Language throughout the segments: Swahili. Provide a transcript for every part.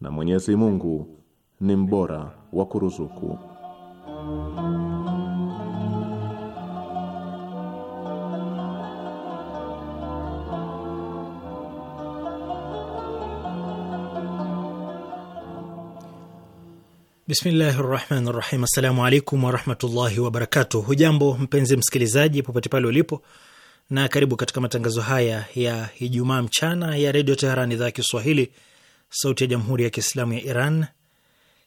na Mwenyezi Mungu ni mbora wa kuruzuku. Bismillahi rahmani rahim. Assalamu alaikum warahmatullahi wabarakatuh. Hujambo mpenzi msikilizaji, popote pale ulipo, na karibu katika matangazo haya ya Ijumaa mchana ya Redio Teheran, idhaa ya Kiswahili, sauti ya jamhuri ya kiislamu ya Iran.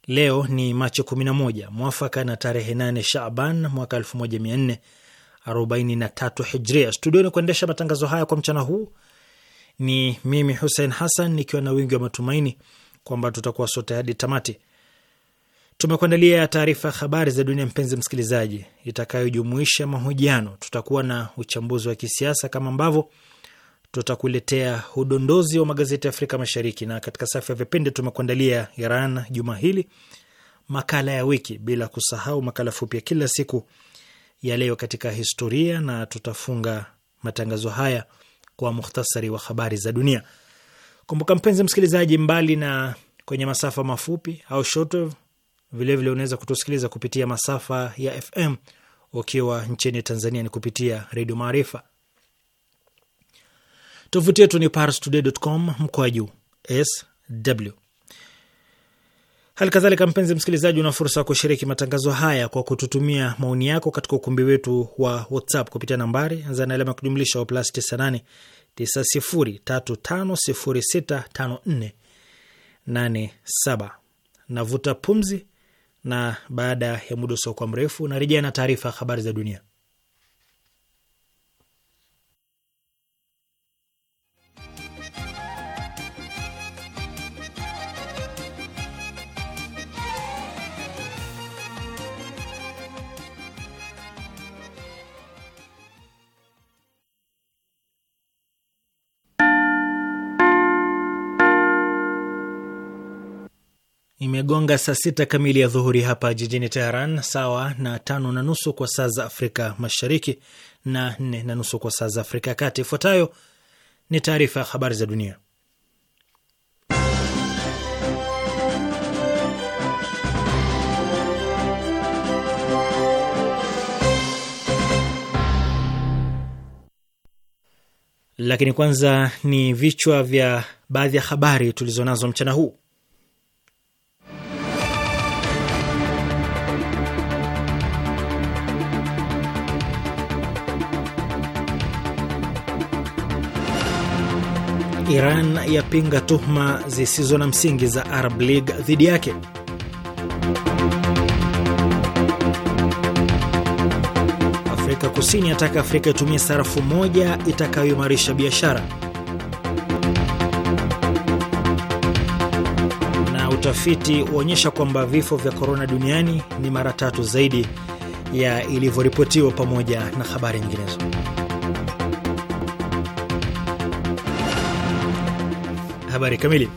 Leo ni Machi 11 mwafaka na tarehe 8 Shaban mwaka 1443 Hijria. Studioni kuendesha matangazo haya kwa mchana huu ni mimi Hussein Hassan, nikiwa na wingi wa matumaini kwamba tutakuwa sote hadi tamati. Tumekuandalia taarifa ya habari za dunia, mpenzi msikilizaji, itakayojumuisha mahojiano. Tutakuwa na uchambuzi wa kisiasa kama ambavyo tutakuletea udondozi wa magazeti ya Afrika Mashariki, na katika safu ya vipindi tumekuandalia Iran juma hili, makala ya wiki, bila kusahau makala fupi ya kila siku ya leo katika historia, na tutafunga matangazo haya kwa muhtasari wa habari za dunia. Kumbuka mpenzi msikilizaji, mbali na kwenye masafa mafupi au shortwave, vilevile unaweza kutusikiliza kupitia masafa ya FM ukiwa nchini Tanzania ni kupitia Redio Maarifa. Tovuti yetu ni parstoday.com juu sw. Hali kadhalika, mpenzi msikilizaji, una fursa ya kushiriki matangazo haya kwa kututumia maoni yako katika ukumbi wetu wa WhatsApp kupitia nambari za na alama ya kujumlisha plus 98 9035065487. Navuta pumzi, na baada ya muda usiokuwa mrefu narejea na taarifa ya habari za dunia. Imegonga saa sita kamili ya dhuhuri hapa jijini Teheran, sawa na tano na nusu kwa saa za Afrika Mashariki na nne na nusu kwa saa za Afrika ya Kati. Ifuatayo ni taarifa ya habari za dunia, lakini kwanza ni vichwa vya baadhi ya habari tulizonazo mchana huu. Iran yapinga tuhuma zisizo na msingi za Arab League dhidi yake. Afrika Kusini yataka Afrika itumie sarafu moja itakayoimarisha biashara. Na utafiti huonyesha kwamba vifo vya korona duniani ni mara tatu zaidi ya ilivyoripotiwa, pamoja na habari nyinginezo. habari kamili.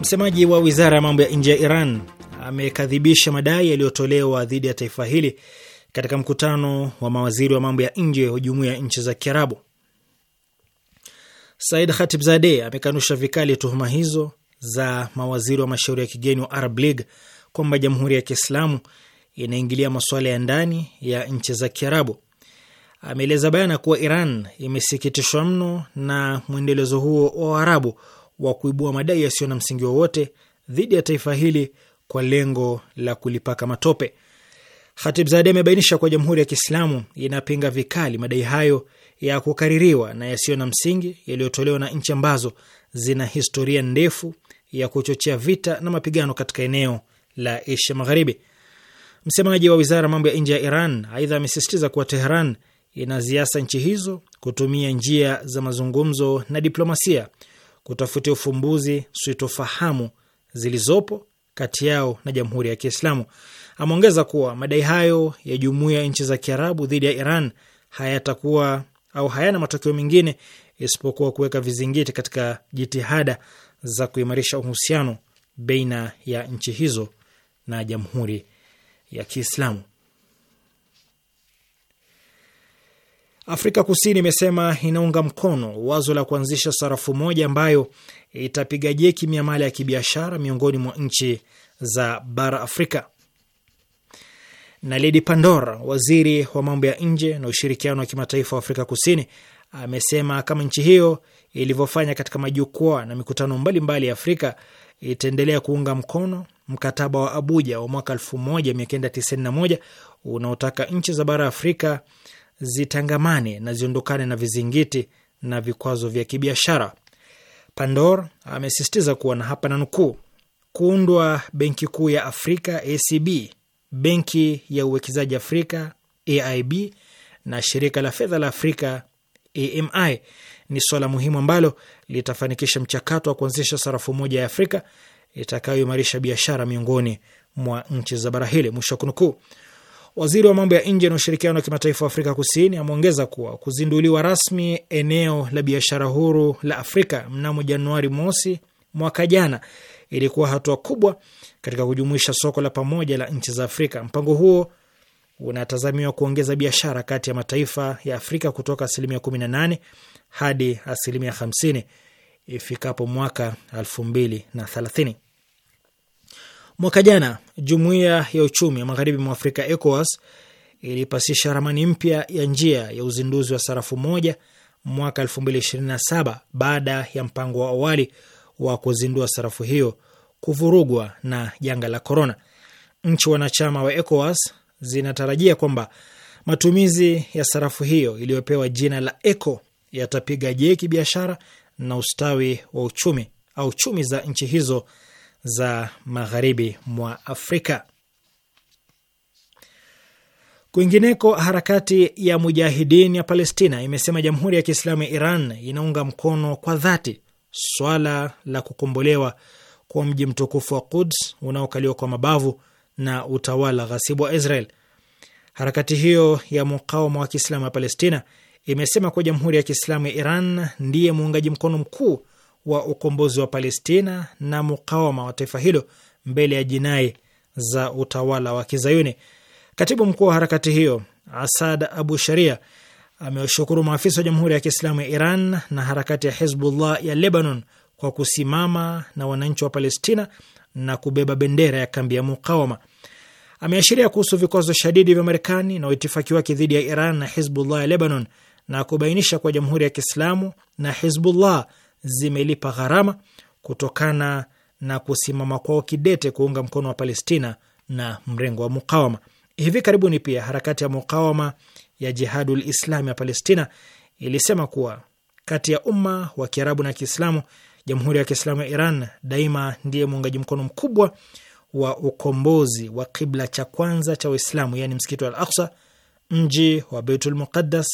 Msemaji wa wizara ya mambo ya nje ya Iran amekadhibisha madai yaliyotolewa dhidi ya taifa hili katika mkutano wa mawaziri wa mambo ya nje wa jumuiya ya nchi za Kiarabu. Said zade amekanusha vikali tuhuma hizo za mawaziri wa mashauri ya kigeni wa Arab League kwamba Jamhuri ya Kiislamu inaingilia masuala ya ndani ya nchi za Kiarabu. Ameeleza bayana kuwa Iran imesikitishwa mno na mwendelezo huo wa Waarabu wa kuibua madai yasiyo na msingi wowote dhidi ya taifa hili kwa lengo la kulipaka matope. Khatibzadeh amebainisha kuwa Jamhuri ya Kiislamu inapinga vikali madai hayo ya kukaririwa na yasiyo na msingi yaliyotolewa na nchi ambazo zina historia ndefu ya kuchochea vita na mapigano katika eneo la Asia Magharibi. Msemaji wa wizara mambo ya nje ya Iran aidha amesisitiza kuwa Teheran inaziasa nchi hizo kutumia njia za mazungumzo na diplomasia kutafutia ufumbuzi sitofahamu zilizopo kati yao na Jamhuri ya Kiislamu. Ameongeza kuwa madai hayo ya jumuiya ya nchi za Kiarabu dhidi ya Iran hayatakuwa au hayana matokeo mengine isipokuwa kuweka vizingiti katika jitihada za kuimarisha uhusiano baina ya nchi hizo na Jamhuri ya Kiislamu. Afrika Kusini imesema inaunga mkono wazo la kuanzisha sarafu moja ambayo itapiga jeki miamala ya kibiashara miongoni mwa nchi za bara Afrika. Na Ledi Pandora, waziri wa mambo ya nje na ushirikiano wa kimataifa wa Afrika Kusini, amesema kama nchi hiyo ilivyofanya katika majukwaa na mikutano mbalimbali ya Afrika itaendelea kuunga mkono mkataba wa Abuja wa mwaka 1991 unaotaka nchi za bara Afrika zitangamane na ziondokane na vizingiti na vikwazo vya kibiashara. Pandor amesisitiza kuwa na hapa na nukuu, kuundwa benki kuu ya Afrika ACB, benki ya uwekezaji Afrika AIB na shirika la fedha la Afrika AMI ni swala muhimu ambalo litafanikisha mchakato wa kuanzisha sarafu moja ya Afrika itakayoimarisha biashara miongoni mwa nchi za bara hili, mwisho wa kunukuu. Waziri wa mambo ya nje na ushirikiano wa kimataifa wa Afrika Kusini ameongeza kuwa kuzinduliwa rasmi eneo la biashara huru la Afrika mnamo Januari mosi mwaka jana ilikuwa hatua kubwa katika kujumuisha soko la pamoja la nchi za Afrika. Mpango huo unatazamiwa kuongeza biashara kati ya mataifa ya Afrika kutoka asilimia 18 hadi asilimia 50 ifikapo mwaka 2030. Mwaka jana jumuiya ya uchumi ya magharibi mwa Afrika, ECOWAS, ilipasisha ramani mpya ya njia ya uzinduzi wa sarafu moja mwaka 2027 baada ya mpango wa awali wa kuzindua sarafu hiyo kuvurugwa na janga la korona. Nchi wanachama wa ECOWAS zinatarajia kwamba matumizi ya sarafu hiyo iliyopewa jina la ECO yatapiga jeki biashara na ustawi wa uchumi au chumi za nchi hizo za magharibi mwa Afrika. Kwingineko, harakati ya mujahidin ya Palestina imesema jamhuri ya Kiislamu ya Iran inaunga mkono kwa dhati swala la kukombolewa kwa mji mtukufu wa Quds unaokaliwa kwa mabavu na utawala ghasibu wa Israel. Harakati hiyo ya mukawama wa Kiislamu ya Palestina imesema kuwa jamhuri ya Kiislamu ya Iran ndiye muungaji mkono mkuu wa ukombozi wa Palestina na mukawama wa taifa hilo mbele ya jinai za utawala wa Kizayuni. Katibu mkuu wa harakati hiyo Asad Abu Sharia amewashukuru maafisa wa Jamhuri ya Kiislamu ya Iran na harakati ya Hezbullah ya Lebanon kwa kusimama na wananchi wa Palestina na kubeba bendera ya kambi ya mukawama. Ameashiria kuhusu vikwazo shadidi vya Marekani na uitifaki wake dhidi ya Iran na Hizbullah ya Lebanon na kubainisha kuwa Jamhuri ya Kiislamu na Hizbullah zimelipa gharama kutokana na kusimama kwao kidete kuunga mkono wa Palestina na mrengo wa mukawama. Hivi karibuni pia harakati ya mukawama ya Jihadul Islami ya Palestina ilisema kuwa kati ya umma wa Kiarabu na Kiislamu, Jamhuri ya Kiislamu ya Iran daima ndiye muungaji mkono mkubwa wa ukombozi wa kibla cha kwanza cha Waislamu, yaani msikiti wa Al Aksa, mji wa Beitul Muqaddas,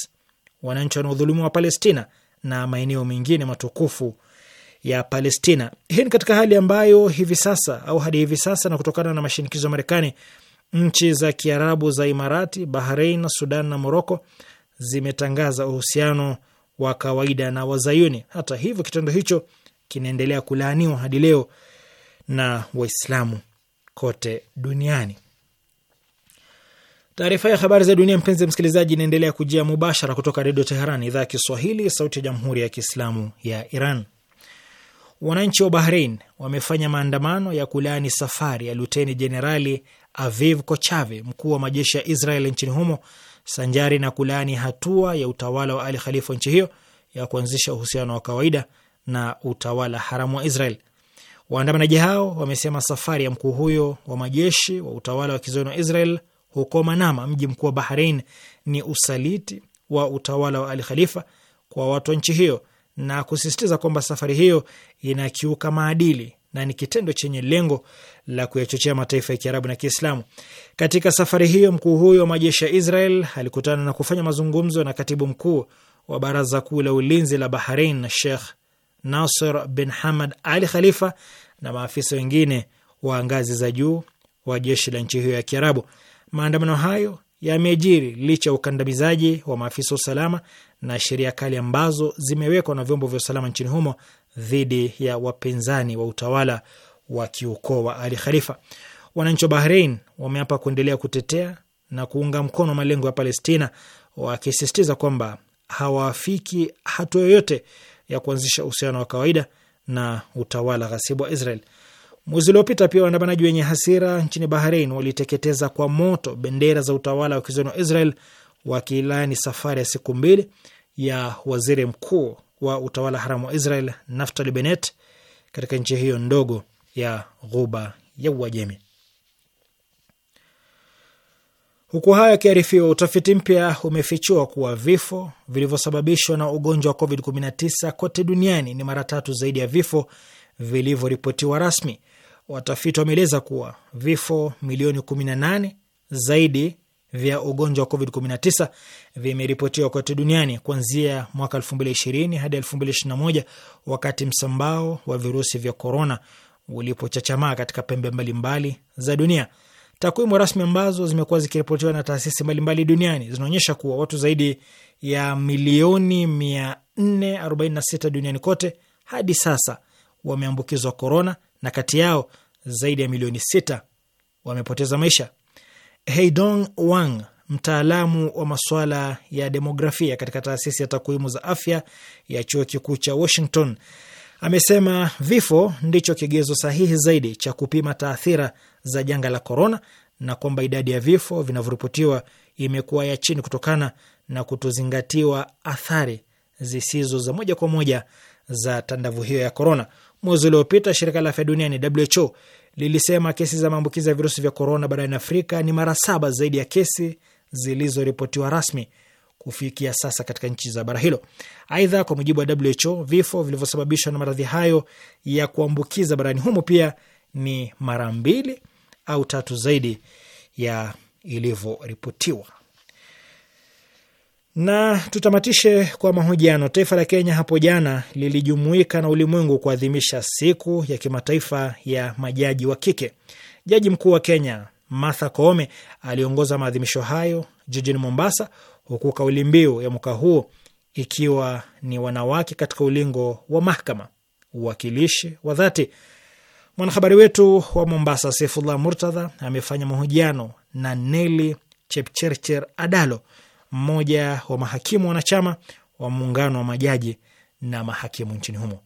wananchi wanaodhulumiwa wa Palestina na maeneo mengine matukufu ya Palestina. Hii ni katika hali ambayo hivi sasa au hadi hivi sasa, na kutokana na mashinikizo ya Marekani, nchi za Kiarabu za Imarati, Bahrein, Sudan na Moroko zimetangaza uhusiano wa kawaida na Wazayuni. Hata hivyo, kitendo hicho kinaendelea kulaaniwa hadi leo na Waislamu kote duniani. Taarifa ya habari za dunia, mpenzi msikilizaji, inaendelea kujia mubashara kutoka Redio Teheran, idhaa ya Kiswahili, sauti ya jamhuri ya kiislamu ya Iran. Wananchi wa Bahrein wamefanya maandamano ya kulaani safari ya luteni jenerali Aviv Kochave, mkuu wa majeshi ya Israel nchini humo, sanjari na kulaani hatua ya utawala wa Ali Khalifa wa nchi hiyo ya kuanzisha uhusiano wa kawaida na utawala haramu wa Israel. Waandamanaji hao wamesema safari ya mkuu huyo wa majeshi wa utawala wa kizoni wa Israel huko Manama, mji mkuu wa Bahrein, ni usaliti wa utawala wa Al Khalifa kwa watu wa nchi hiyo na kusisitiza kwamba safari hiyo inakiuka maadili na ni kitendo chenye lengo la kuyachochea mataifa ya Kiarabu na Kiislamu. Katika safari hiyo, mkuu huyo wa majeshi ya Israel alikutana na kufanya mazungumzo na katibu mkuu wa Baraza Kuu la Ulinzi la Bahrein, Sheikh Nasser bin Hamad Al Khalifa na maafisa wengine wa ngazi za juu wa jeshi la nchi hiyo ya Kiarabu. Maandamano hayo yamejiri licha ya ukandamizaji wa maafisa wa usalama na sheria kali ambazo zimewekwa na vyombo vya usalama nchini humo dhidi ya wapinzani wa utawala wa kiukoo wa Ali Khalifa. Wananchi wa Bahrein wameapa kuendelea kutetea na kuunga mkono malengo ya Palestina, wakisisitiza kwamba hawaafiki hatua yoyote ya kuanzisha uhusiano wa kawaida na utawala ghasibu wa Israel. Mwezi uliopita pia waandamanaji wenye hasira nchini Bahrain waliteketeza kwa moto bendera za utawala wa kizoni wa Israel wakilaani safari ya siku mbili ya waziri mkuu wa utawala haramu wa Israel Naftali Bennett katika nchi hiyo ndogo ya ghuba ya Uajemi. Huku hayo yakiarifiwa, utafiti mpya umefichua kuwa vifo vilivyosababishwa na ugonjwa wa COVID-19 kote duniani ni mara tatu zaidi ya vifo vilivyoripotiwa rasmi. Watafiti wameeleza kuwa vifo milioni 18 zaidi vya ugonjwa wa COVID-19 vimeripotiwa kote duniani kuanzia mwaka 2020 hadi 2021 wakati msambao wa virusi vya korona ulipochachamaa katika pembe mbalimbali mbali za dunia. Takwimu rasmi ambazo zimekuwa zikiripotiwa na taasisi mbalimbali duniani zinaonyesha kuwa watu zaidi ya milioni 446 duniani kote hadi sasa wameambukizwa korona na kati yao zaidi ya milioni sita wamepoteza maisha. Heidong Wang, mtaalamu wa masuala ya demografia katika taasisi ya takwimu za afya ya chuo kikuu cha Washington, amesema vifo ndicho kigezo sahihi zaidi cha kupima taathira za janga la korona, na kwamba idadi ya vifo vinavyoripotiwa imekuwa ya chini kutokana na kutozingatiwa athari zisizo za moja kwa moja za tandavu hiyo ya korona. Mwezi uliopita shirika la afya duniani WHO lilisema kesi za maambukizi ya virusi vya korona barani Afrika ni mara saba zaidi ya kesi zilizoripotiwa rasmi kufikia sasa katika nchi za bara hilo. Aidha, kwa mujibu wa WHO, vifo vilivyosababishwa na maradhi hayo ya kuambukiza barani humo pia ni mara mbili au tatu zaidi ya ilivyoripotiwa. Na tutamatishe kwa mahojiano. Taifa la Kenya hapo jana lilijumuika na ulimwengu kuadhimisha siku ya kimataifa ya majaji wa kike. Jaji mkuu wa Kenya Martha Koome aliongoza maadhimisho hayo jijini Mombasa, huku kauli mbiu ya mwaka huo ikiwa ni wanawake katika ulingo wa mahakama, uwakilishi wa dhati. Mwanahabari wetu wa Mombasa Saifullah Murtadha amefanya mahojiano na Neli chepcherchir Adalo mmoja wa mahakimu wanachama wa muungano wa majaji na mahakimu nchini humo.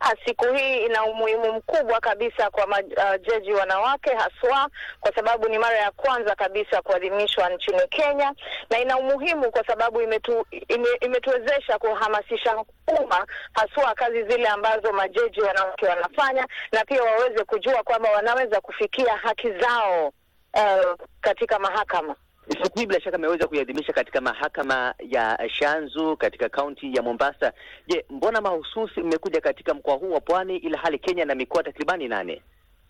Ah, siku hii ina umuhimu mkubwa kabisa kwa majaji uh, wanawake haswa kwa sababu ni mara ya kwanza kabisa kuadhimishwa nchini Kenya, na ina umuhimu kwa sababu imetu, ime, imetuwezesha kuhamasisha umma haswa kazi zile ambazo majaji wanawake wanafanya, na pia waweze kujua kwamba wanaweza kufikia haki zao uh, katika mahakama. Siku hii bila shaka ameweza kuiadhimisha katika mahakama ya Shanzu katika kaunti ya Mombasa. Je, mbona mahususi mmekuja katika mkoa huu wa Pwani ila hali Kenya na mikoa takribani nane?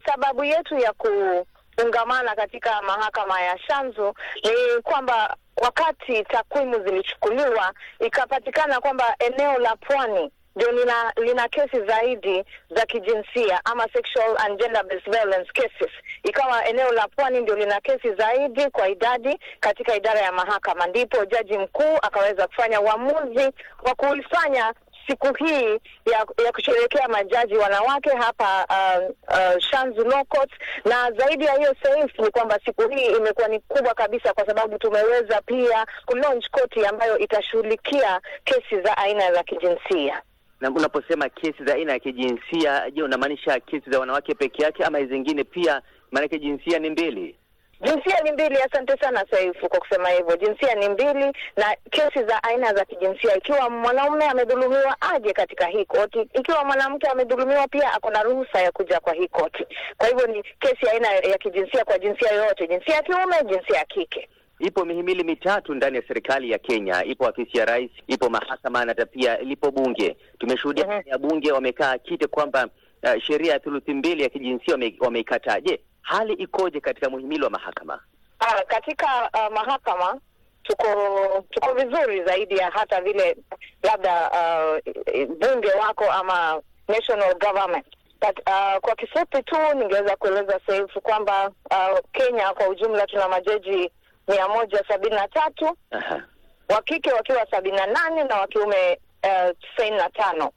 Sababu yetu ya kuungamana katika mahakama ya Shanzu ni kwamba wakati takwimu zilichukuliwa ikapatikana kwamba eneo la Pwani ndio lina, lina kesi zaidi za kijinsia ama sexual and gender based violence cases, ikawa eneo la pwani ndio lina kesi zaidi kwa idadi katika idara ya mahakama, ndipo jaji mkuu akaweza kufanya uamuzi wa kuifanya siku hii ya, ya kusherehekea majaji wanawake hapa uh, uh, Shanzu Na zaidi ya hiyo saif ni kwamba siku hii imekuwa ni kubwa kabisa, kwa sababu tumeweza pia kulaunch koti ambayo itashughulikia kesi za aina za kijinsia na unaposema kesi za aina ya kijinsia, je, unamaanisha kesi za wanawake peke yake ama zingine pia? Maanake jinsia ni mbili. Jinsia ni mbili. Asante sana Saifu kwa kusema hivyo. Jinsia ni mbili, na kesi za aina za kijinsia, ikiwa mwanaume amedhulumiwa aje katika hii koti, ikiwa mwanamke amedhulumiwa pia ako na ruhusa ya kuja kwa hii koti. Kwa hivyo ni kesi aina ya kijinsia kwa jinsia yoyote, jinsia ya kiume, jinsia ya kike. Ipo mihimili mitatu ndani ya serikali ya Kenya, ipo afisi ya rais, ipo mahakama na hata pia lipo bunge. Tumeshuhudia uh -huh. ya bunge wamekaa kite kwamba uh, sheria ya thuluthi mbili ya kijinsia wameikataa. Wame je, hali ikoje katika muhimili wa mahakama? Uh, katika uh, mahakama tuko tuko vizuri zaidi ya hata vile labda uh, bunge wako ama national government But, uh, kwa kifupi tu ningeweza kueleza sahifu kwamba uh, Kenya kwa ujumla tuna majaji mia moja sabini na tatu wa kike wakiwa sabini na nane na wakiume eh, tisaini uh, na tano.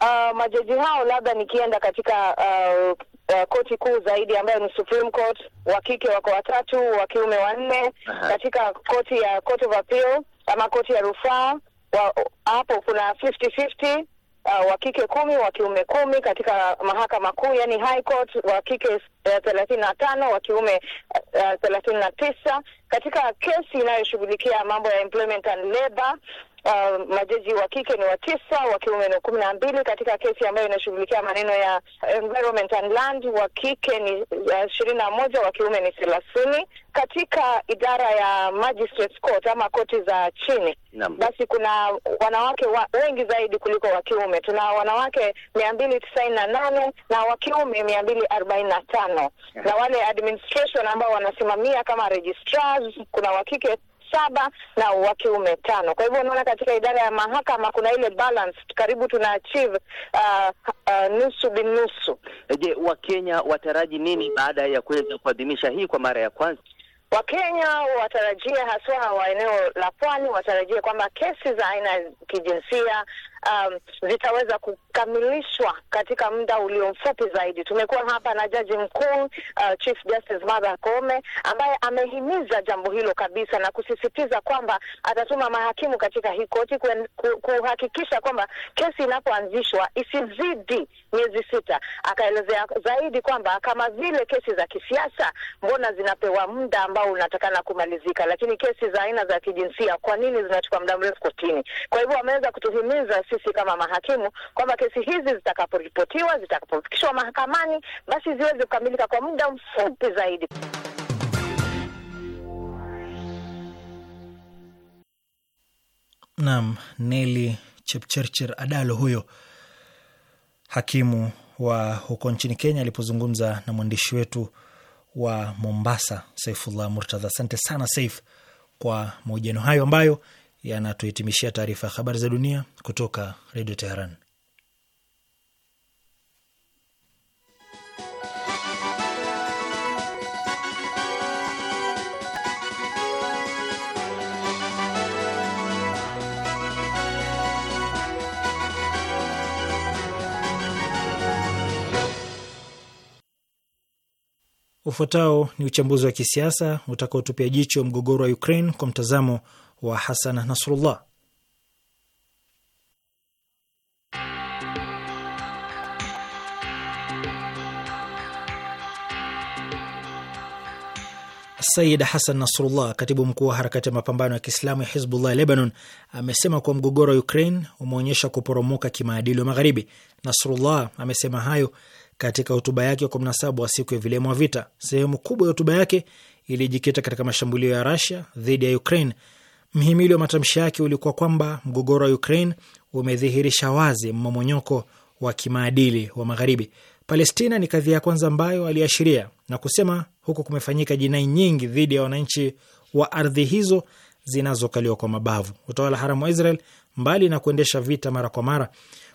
Uh, majaji hao labda nikienda katika uh, uh, koti kuu zaidi ambayo ni Supreme Court, wa kike wako watatu, wa kiume wanne. Katika koti ya Court of Appeal ama koti ya rufaa hapo kuna fifty fifty uh, wa kike kumi wa kiume kumi katika mahakama kuu yani high court, wa kike eh, thelathini na tano wa kiume eh, eh, thelathini uh, na tisa katika kesi inayoshughulikia mambo ya employment and labor uh, majaji wa kike ni watisa, wa kiume ni kumi na mbili. Katika kesi ambayo inashughulikia maneno ya environment and land, wa kike ni uh, ishirini uh, na moja, wa kiume ni thelathini. Katika idara ya magistrate court ama koti za chini Basi kuna wanawake wa, wengi zaidi kuliko wa kiume. Tuna wanawake mia mbili tisaini na nane na wa kiume mia mbili arobaini na tano na wale administration ambao wanasimamia kama registrars kuna wa kike saba na wa kiume tano. Kwa hivyo unaona katika idara ya mahakama kuna ile balance, karibu tuna achieve uh, uh, nusu binusu. Je, Wakenya wataraji nini baada ya kuweza kuadhimisha hii kwa mara ya kwanza? Wakenya watarajia haswa wa eneo la pwani watarajia kwamba kesi za aina ya kijinsia um, zitaweza kukamilishwa katika muda ulio mfupi zaidi. Tumekuwa hapa na jaji mkuu uh, Chief Justice Martha Koome ambaye amehimiza jambo hilo kabisa na kusisitiza kwamba atatuma mahakimu katika hii koti kuhakikisha kwamba kesi inapoanzishwa isizidi miezi sita. Akaelezea zaidi kwamba kama vile kesi za kisiasa, mbona zinapewa muda ambao unatakana kumalizika, lakini kesi za aina za kijinsia, kwa nini zinachukua muda mrefu kotini? Kwa hivyo ameweza kutuhimiza sisi kama mahakimu kwamba kesi hizi zitakaporipotiwa, zitakapofikishwa mahakamani, basi ziweze kukamilika kwa muda mfupi zaidi. nam Neli chepcherchir Adalo huyo hakimu wa huko nchini Kenya alipozungumza na mwandishi wetu wa Mombasa Saifullah Murtadha. Asante sana Saif kwa mahojiano hayo ambayo yanatuhitimishia taarifa ya habari za dunia kutoka Redio Teheran. Ufuatao ni uchambuzi wa kisiasa utakaotupia jicho mgogoro wa Ukraine kwa mtazamo wa Hasan Nasrullah. Sayid Hasan Nasrullah, katibu mkuu wa harakati ya mapambano ya Kiislamu ya Hizbullah Lebanon, amesema kuwa mgogoro wa Ukraine umeonyesha kuporomoka kimaadili wa Magharibi. Nasrullah amesema hayo katika hotuba yake kwa 17 wa siku ya vilema wa vita. Sehemu kubwa ya hotuba yake ilijikita katika mashambulio ya rasia dhidi ya Ukraine Mhimili wa matamshi yake ulikuwa kwamba mgogoro wa Ukraine umedhihirisha wazi mmomonyoko wa kimaadili wa Magharibi. Palestina ni kadhia ya kwanza ambayo aliashiria na kusema huku kumefanyika jinai nyingi dhidi ya wananchi wa ardhi hizo zinazokaliwa kwa mabavu. Utawala haramu wa Israel, mbali na kuendesha vita mara kwa mara,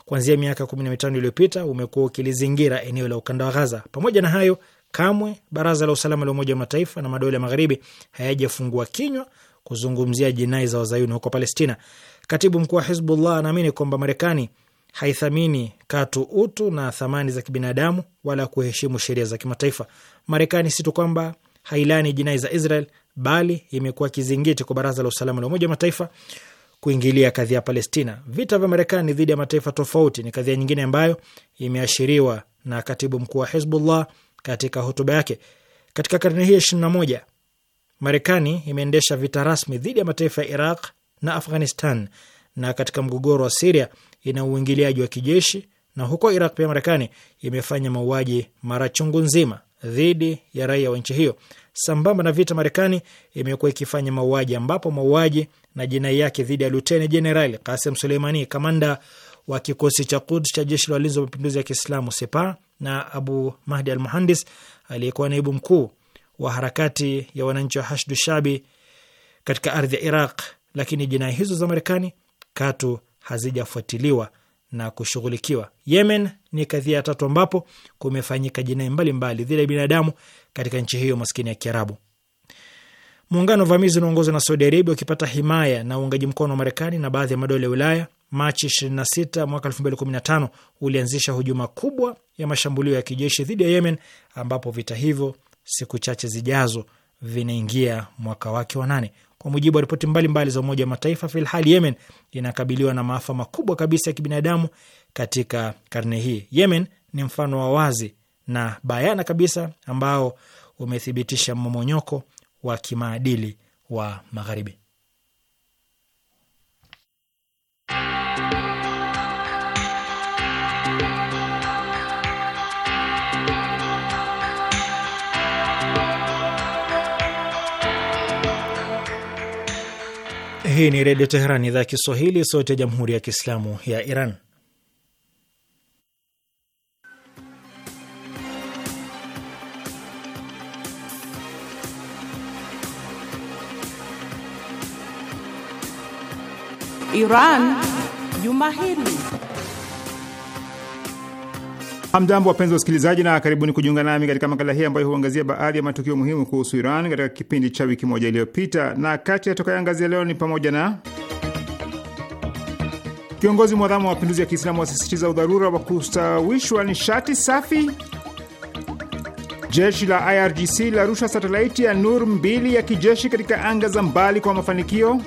kuanzia miaka kumi na mitano iliyopita umekuwa ukilizingira eneo la ukanda wa Ghaza. Pamoja na hayo, kamwe Baraza la Usalama la Umoja wa Mataifa na madola ya Magharibi hayajafungua kinywa kuzungumzia jinai za wazayuni huko Palestina. Katibu mkuu wa Hizbullah anaamini kwamba Marekani haithamini katu utu na thamani za kibinadamu wala kuheshimu sheria za kimataifa. Marekani si tu kwamba hailani jinai za Israel bali imekuwa kizingiti kwa Baraza la Usalama la Umoja wa Mataifa kuingilia kadhia ya Palestina. Vita vya Marekani dhidi ya mataifa tofauti ni kadhia nyingine ambayo imeashiriwa na katibu mkuu wa Hizbullah katika hotuba yake. Katika karne hii ya ishirini na moja Marekani imeendesha vita rasmi dhidi ya mataifa ya Iraq na Afghanistan, na katika mgogoro wa Siria ina uingiliaji wa kijeshi, na huko Iraq pia Marekani imefanya mauaji mara chungu nzima dhidi ya raia wa nchi hiyo. Sambamba na vita, Marekani imekuwa ikifanya mauaji, ambapo mauaji na jinai yake dhidi ya luteni jenerali Kasem Suleimani, kamanda wa kikosi cha Kuds cha jeshi la walinzi wa mapinduzi ya Kiislamu Sepa, na Abu Mahdi al Muhandis aliyekuwa naibu mkuu wa harakati ya wananchi wa Hashdu Shabi katika ardhi ya Iraq, lakini jinai hizo za Marekani katu hazijafuatiliwa na kushughulikiwa. Yemen ni kadhia ya tatu ambapo kumefanyika jinai mbalimbali dhidi ya binadamu katika nchi hiyo maskini ya Kiarabu. Muungano wa vamizi unaongozwa na Saudi Arabia ukipata himaya na uungaji mkono wa Marekani na baadhi ya madola ya Ulaya, Machi 26 mwaka 2015 ulianzisha hujuma kubwa ya mashambulio ya kijeshi dhidi ya Yemen, ambapo vita hivyo siku chache zijazo vinaingia mwaka wake wa nane. Kwa mujibu wa ripoti mbalimbali za Umoja wa Mataifa, filhali Yemen inakabiliwa na maafa makubwa kabisa ya kibinadamu katika karne hii. Yemen ni mfano wa wazi na bayana kabisa ambao umethibitisha mmomonyoko wa kimaadili wa Magharibi. Hii ni Redio Teheran, idhaa ya Kiswahili, sauti ya Jamhuri ya Kiislamu ya Iran. Iran Juma Hili. Hamjambo, wapenzi wa usikilizaji na karibuni kujiunga nami katika makala hii ambayo huangazia baadhi ya matukio muhimu kuhusu Iran katika kipindi cha wiki moja iliyopita, na kati ya tutakayoangazia leo ni pamoja na kiongozi mwadhamu wa mapinduzi ya Kiislamu wasisitiza udharura wa kustawishwa nishati safi; jeshi la IRGC rusha satelaiti ya Nur mbili ya kijeshi katika anga za mbali kwa mafanikio;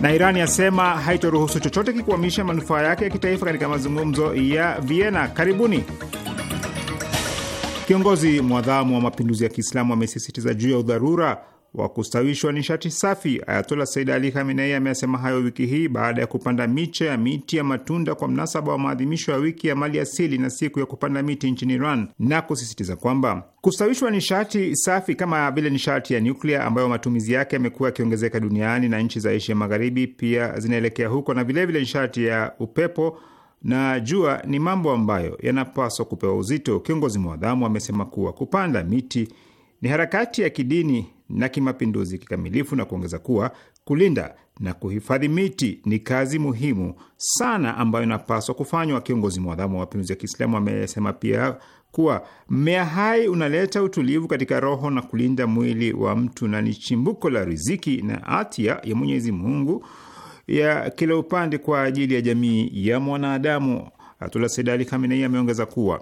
na Iran yasema haitoruhusu chochote kikwamisha manufaa yake ya kitaifa katika mazungumzo ya Vienna. Karibuni. Kiongozi mwadhamu wa mapinduzi ya Kiislamu amesisitiza juu ya udharura wa kustawishwa nishati safi. Ayatola Said Ali Khamenei amesema hayo wiki hii baada ya kupanda miche ya miti ya matunda kwa mnasaba wa maadhimisho ya wiki ya mali asili na siku ya kupanda miti nchini Iran, na kusisitiza kwamba kustawishwa nishati safi kama vile nishati ya nyuklia ambayo matumizi yake yamekuwa yakiongezeka duniani na nchi za Asia Magharibi pia zinaelekea huko, na vilevile nishati ya upepo na jua ni mambo ambayo yanapaswa kupewa uzito. Kiongozi mwadhamu amesema kuwa kupanda miti ni harakati ya kidini na kimapinduzi kikamilifu, na kuongeza kuwa kulinda na kuhifadhi miti ni kazi muhimu sana ambayo inapaswa kufanywa. Kiongozi mwadhamu wa mapinduzi ya Kiislamu amesema pia kuwa mmea hai unaleta utulivu katika roho na kulinda mwili wa mtu na ni chimbuko la riziki na atia ya Mwenyezi Mungu ya kila upande kwa ajili ya jamii ya mwanadamu. Ayatullah Sayyid Ali Khamenei ameongeza kuwa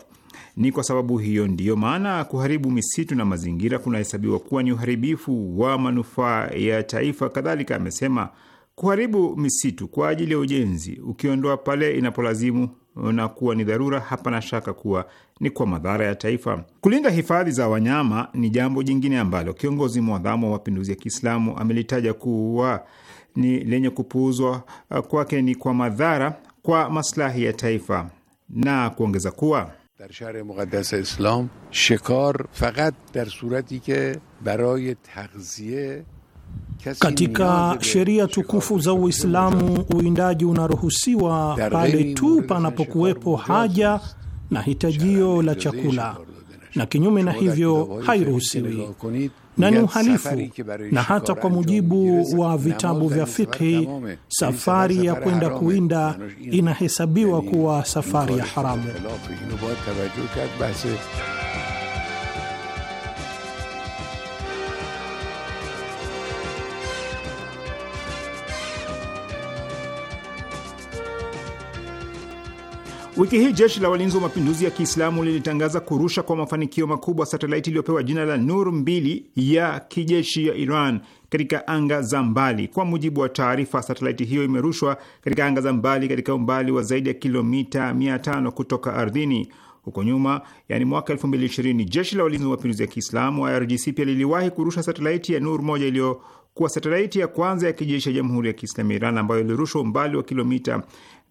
ni kwa sababu hiyo ndiyo maana kuharibu misitu na mazingira kunahesabiwa kuwa ni uharibifu wa manufaa ya taifa. Kadhalika amesema kuharibu misitu kwa ajili ya ujenzi, ukiondoa pale inapolazimu na kuwa ni dharura, hapana shaka kuwa ni kwa madhara ya taifa. Kulinda hifadhi za wanyama ni jambo jingine ambalo kiongozi mwadhamu wa mapinduzi ya Kiislamu amelitaja kuwa ni lenye kupuuzwa kwake, ni kwa madhara kwa maslahi ya taifa na kuongeza kuwa در شهر مقدس اسلام شکار فقط در صورتی که برای تغذیه katika sheria tukufu za Uislamu uwindaji unaruhusiwa pale tu panapokuwepo haja na hitajio la chakula, na kinyume na hivyo hairuhusiwi na ni uhalifu, na hata kwa mujibu wa vitabu vya fikhi, safari ya kwenda kuwinda inahesabiwa yaani kuwa safari ya haramu. Wiki hii jeshi la walinzi wa mapinduzi ya Kiislamu lilitangaza kurusha kwa mafanikio makubwa satelaiti iliyopewa jina la Nur mbili ya kijeshi ya Iran katika anga za mbali. Kwa mujibu wa taarifa, satelaiti hiyo imerushwa katika anga za mbali katika umbali wa zaidi ya kilomita 500 kutoka ardhini. Huko nyuma, yani mwaka 2020, jeshi la walinzi wa mapinduzi ya Kiislamu IRGC pia liliwahi kurusha satelaiti ya Nur moja iliyokuwa satelaiti ya kwanza ya kijeshi ya Jamhuri ya Kiislamu ya Iran ambayo ilirushwa umbali wa kilomita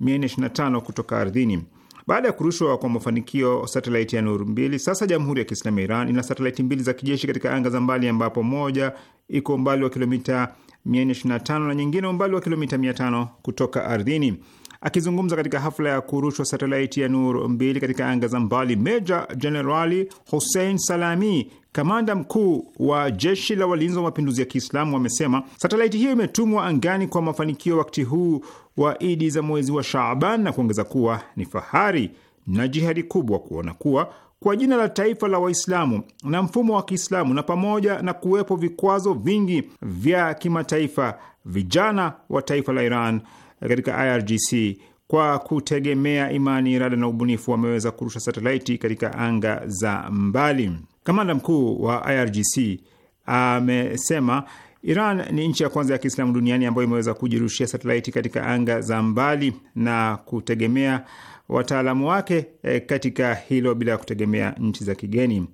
425 kutoka ardhini. Baada ya kurushwa kwa mafanikio satelaiti ya Nuru mbili, sasa Jamhuri ya Kiislamu ya Iran ina satelaiti mbili za kijeshi katika anga za mbali, ambapo moja iko umbali wa kilomita 425 na nyingine umbali wa kilomita 500 kutoka ardhini. Akizungumza katika hafla ya kurushwa satelaiti ya Nur mbili katika anga za mbali, Meja Jenerali Hussein Salami, kamanda mkuu wa jeshi la walinzi wa mapinduzi ya Kiislamu, wamesema satelaiti hiyo imetumwa angani kwa mafanikio wakati huu wa Idi za mwezi wa Shaaban na kuongeza kuwa ni fahari na jihadi kubwa kuona kuwa kwa jina la taifa la Waislamu na mfumo wa Kiislamu na pamoja na kuwepo vikwazo vingi vya kimataifa, vijana wa taifa la Iran katika IRGC kwa kutegemea imani, irada na ubunifu wameweza kurusha satelaiti katika anga za mbali. Kamanda mkuu wa IRGC amesema Iran ni nchi ya kwanza ya Kiislamu duniani ambayo imeweza kujirushia satelaiti katika anga za mbali na kutegemea wataalamu wake eh, katika hilo bila ya kutegemea nchi za kigeni.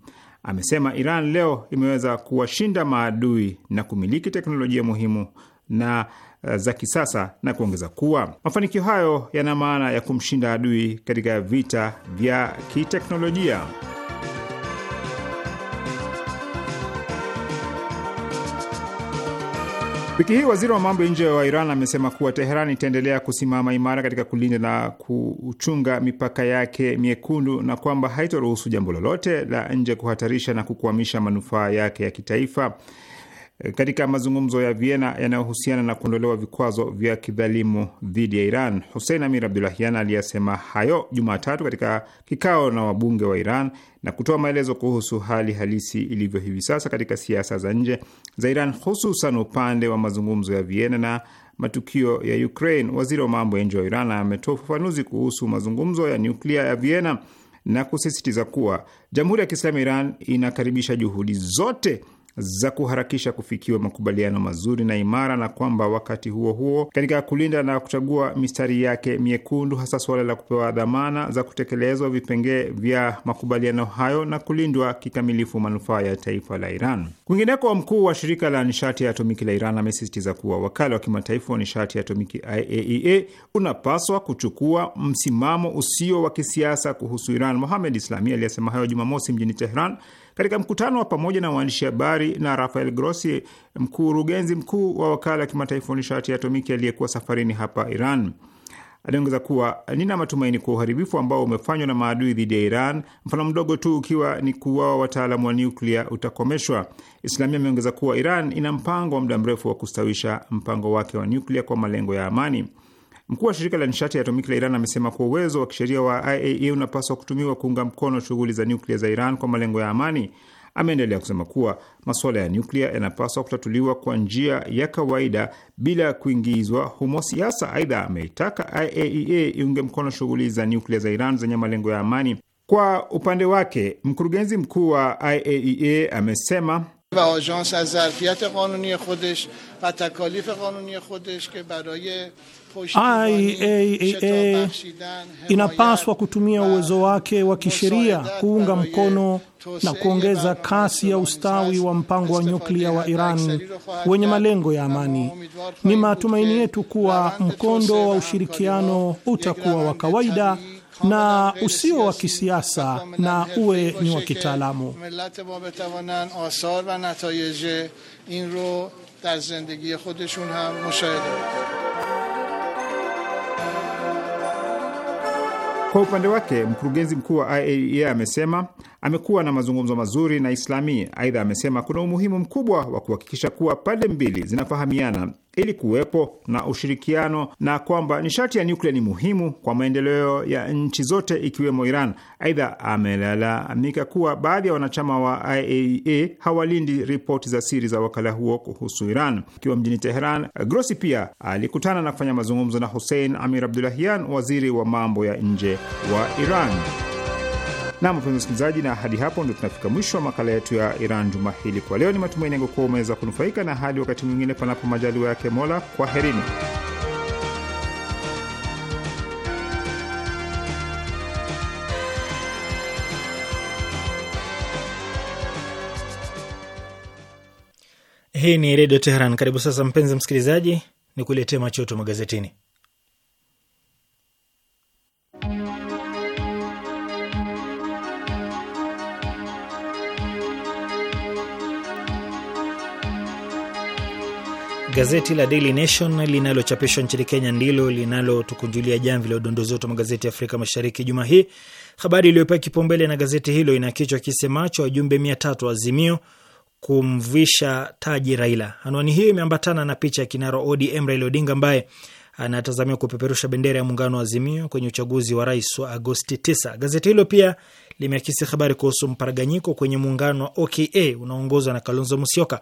Amesema Iran leo imeweza kuwashinda maadui na kumiliki teknolojia muhimu na eh, za kisasa na kuongeza kuwa mafanikio hayo yana maana ya kumshinda adui katika vita vya kiteknolojia. Wiki hii waziri wa mambo ya nje wa Iran amesema kuwa Teheran itaendelea kusimama imara katika kulinda na kuchunga mipaka yake miekundu na kwamba haitoruhusu jambo lolote la nje kuhatarisha na kukwamisha manufaa yake ya kitaifa Eh, katika mazungumzo ya Vienna yanayohusiana na kuondolewa vikwazo vya kidhalimu dhidi ya Iran. Hussein Amir Abdulahian aliyesema hayo Jumatatu katika kikao na wabunge wa Iran na kutoa maelezo kuhusu hali halisi ilivyo hivi sasa katika siasa za nje za Iran, hususan upande wa mazungumzo ya Vienna na matukio ya Ukraine. Waziri wa mambo ya nje wa Iran ametoa ufafanuzi kuhusu mazungumzo ya nyuklia ya Vienna na kusisitiza kuwa Jamhuri ya Kiislamu ya Iran inakaribisha juhudi zote za kuharakisha kufikiwa makubaliano mazuri na imara, na kwamba wakati huo huo, katika kulinda na kuchagua mistari yake miekundu, hasa suala la kupewa dhamana za kutekelezwa vipengee vya makubaliano hayo na kulindwa kikamilifu manufaa ya taifa la Iran. Kwingineko, mkuu wa shirika la nishati ya atomiki la Iran amesisitiza kuwa wakala wa kimataifa wa nishati ya atomiki IAEA e unapaswa kuchukua msimamo usio wa kisiasa kuhusu Iran. Mohamed Islami aliyesema hayo Jumamosi mjini teheran katika mkutano wa pamoja na waandishi habari na Rafael Grossi, mkurugenzi mkuu wa wakala wa kimataifa wa nishati ya atomiki aliyekuwa safarini hapa Iran, aliongeza kuwa nina matumaini kwa uharibifu ambao umefanywa na maadui dhidi ya Iran, mfano mdogo tu ukiwa ni kuuawa wataalamu wa nyuklia, utakomeshwa. Islamia ameongeza kuwa Iran ina mpango wa muda mrefu wa kustawisha mpango wake wa nyuklia kwa malengo ya amani. Mkuu wa shirika la nishati ya atomiki la Iran amesema kuwa uwezo wa kisheria wa IAEA e unapaswa kutumiwa kuunga mkono shughuli za nyuklia za Iran kwa malengo ya amani. Ameendelea kusema kuwa masuala ya nyuklia yanapaswa kutatuliwa kwa njia ya kawaida bila kuingizwa humo siasa. Aidha, ameitaka IAEA e iunge mkono shughuli za nyuklia za Iran zenye malengo ya amani. Kwa upande wake, mkurugenzi mkuu wa IAEA e amesema IAEA inapaswa kutumia uwezo wake wa kisheria kuunga mkono na kuongeza kasi ya ustawi wa mpango wa nyuklia wa Iran wenye malengo ya amani. Ni matumaini yetu kuwa mkondo wa ushirikiano utakuwa wa kawaida na usio wa kisiasa na uwe ni wa kitaalamu. Kwa upande wake mkurugenzi mkuu wa IAEA e amesema amekuwa na mazungumzo mazuri na islami Aidha amesema kuna umuhimu mkubwa wa kuhakikisha kuwa pande mbili zinafahamiana ili kuwepo na ushirikiano na kwamba nishati ya nyuklia ni muhimu kwa maendeleo ya nchi zote ikiwemo Iran. Aidha, amelalamika kuwa baadhi ya wanachama wa IAEA e hawalindi ripoti za siri za wakala huo kuhusu Iran. Akiwa mjini Teheran, Grossi pia alikutana na kufanya mazungumzo na Hussein Amir Abdulahian, waziri wa mambo ya nje wa Iran. Na mpenzi msikilizaji, na hadi hapo ndo tunafika mwisho wa makala yetu ya Iran juma hili kwa leo. Ni matumaini yangu kuwa umeweza kunufaika, na hadi wakati mwingine, panapo majaliwa yake Mola, kwa herini Hii ni Redio Teheran. Karibu sasa, mpenzi msikilizaji, ni kuletea machoto magazetini. Gazeti la Daily Nation linalochapishwa nchini Kenya ndilo linalotukunjulia jamvi la udondozi wetu wa magazeti ya Afrika Mashariki juma hii. Habari iliyopewa kipaumbele na gazeti hilo ina kichwa kisemacho wajumbe mia tatu Azimio kumvisha taji Raila. Anwani hiyo imeambatana na picha ya kinara ODM Raila Odinga ambaye anatazamiwa kupeperusha bendera ya muungano wa Azimio kwenye uchaguzi wa rais wa Agosti 9. Gazeti hilo pia limeakisi habari kuhusu mparaganyiko kwenye muungano wa OKA unaoongozwa na Kalonzo Musyoka.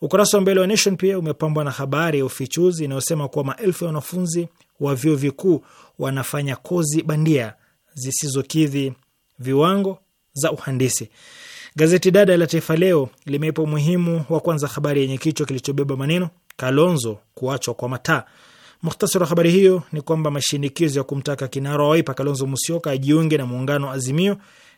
Ukurasa wa mbele wa Nation pia umepambwa na habari ya ufichuzi inayosema kuwa maelfu ya wanafunzi wa vyuo vikuu wanafanya kozi bandia zisizokidhi viwango za uhandisi. Gazeti dada la Taifa Leo limeipa umuhimu wa kwanza habari yenye kichwa kilichobeba maneno Kalonzo kuachwa kwa mataa. Muhtasari wa habari hiyo ni kwamba mashinikizo ya kumtaka kinara wa Wiper Kalonzo Musyoka ajiunge na muungano wa Azimio